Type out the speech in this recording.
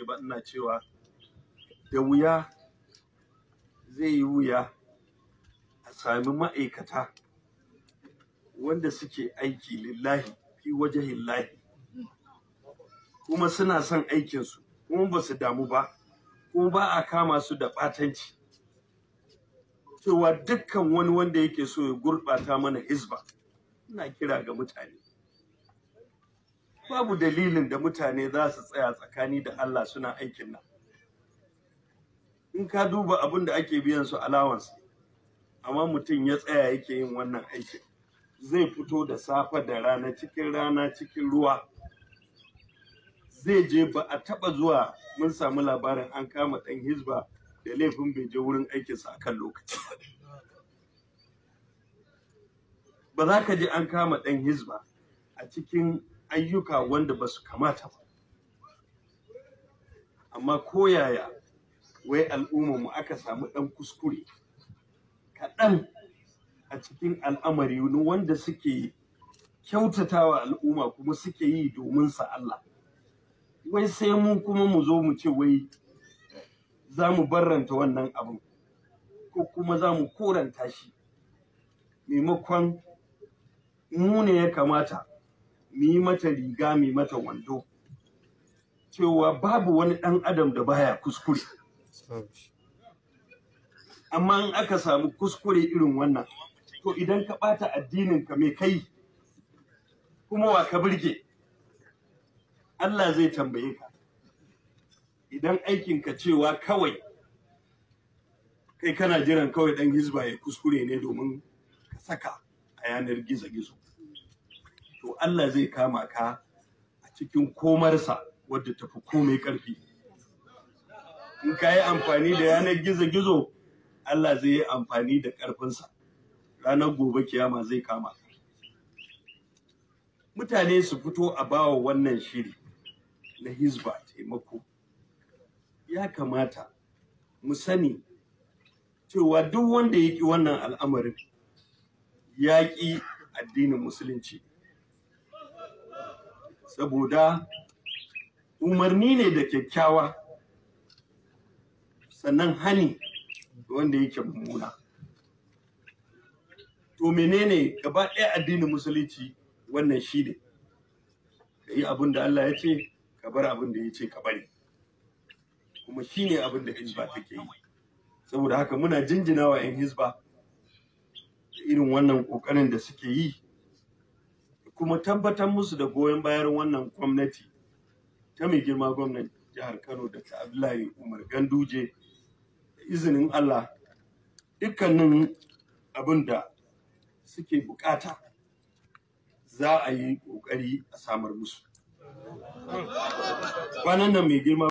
ce ba ina cewa da wuya zai yi wuya a sami ma'aikata wanda suke aiki lillahi fi waje lillahi, kuma suna son aikinsu kuma ba su damu ba kuma ba a kama su da ɓatanci cewa dukkan wani wanda yake so ya gurɓata mana hizba ina kira ga mutane babu dalilin da mutane za su tsaya tsakani da Allah suna aikin nan in ka duba abin da ake biyan su allowance amma mutum ya tsaya yake yin wannan aikin zai fito da safe da rana cikin rana cikin ruwa zai je ba a taba zuwa mun samu labarin an kama ɗan hizba da laifin bai je wurin aikinsa a kan lokaci ba za ka ji an kama ɗan hizba a cikin ayyuka wanda ba su kamata ba amma koyaya wai mu aka samu ɗan kuskure kaɗan a cikin al'amari wanda suke kyautatawa al'umma kuma suke yi domin sa Allah wai sai mu kuma mu zo mu ce wai za mu barranta wannan abin ko kuma za mu koranta shi maimakon mu ne ya kamata mu yi mata riga mu yi mata wando cewa babu wani ɗan adam da baya kuskure amma in aka samu kuskure irin wannan to idan ka ɓata addininka mai kai kuma wa ka birge Allah zai tambaye ka idan aikinka cewa kawai kai kana jiran kawai ɗan hizba ya kuskure ne domin ka saka a yanar gizo-gizo Allah zai kama ka a cikin komarsa wadda tafi komai ƙarfi in ka yi amfani da yanar gizo-gizo Allah zai yi amfani da ƙarfinsa ranar gobe kiyama zai kama mutane su fito a bawa wannan shiri na hizba taimako ya kamata mu sani cewa duk wanda ya ƙi wannan al'amarin ya addinin musulunci saboda umarni ne da kyakkyawa sannan hani wanda yake mummuna to menene gaba ɗaya addinin musulunci wannan shi ne ka yi abin da Allah ya ce ka bar abin da ya ce ka bari kuma shi ne abin da hizba take yi saboda haka muna jinjinawa 'yan hizba irin wannan ƙoƙarin da suke yi kuma tabbatar musu da goyon bayan wannan gwamnati ta mai girma gwamnan jihar Kano da ta Abdullahi Umar Ganduje izinin Allah dukkanin abin da suke bukata za a yi kokari a samar musu kwanan nan mai girma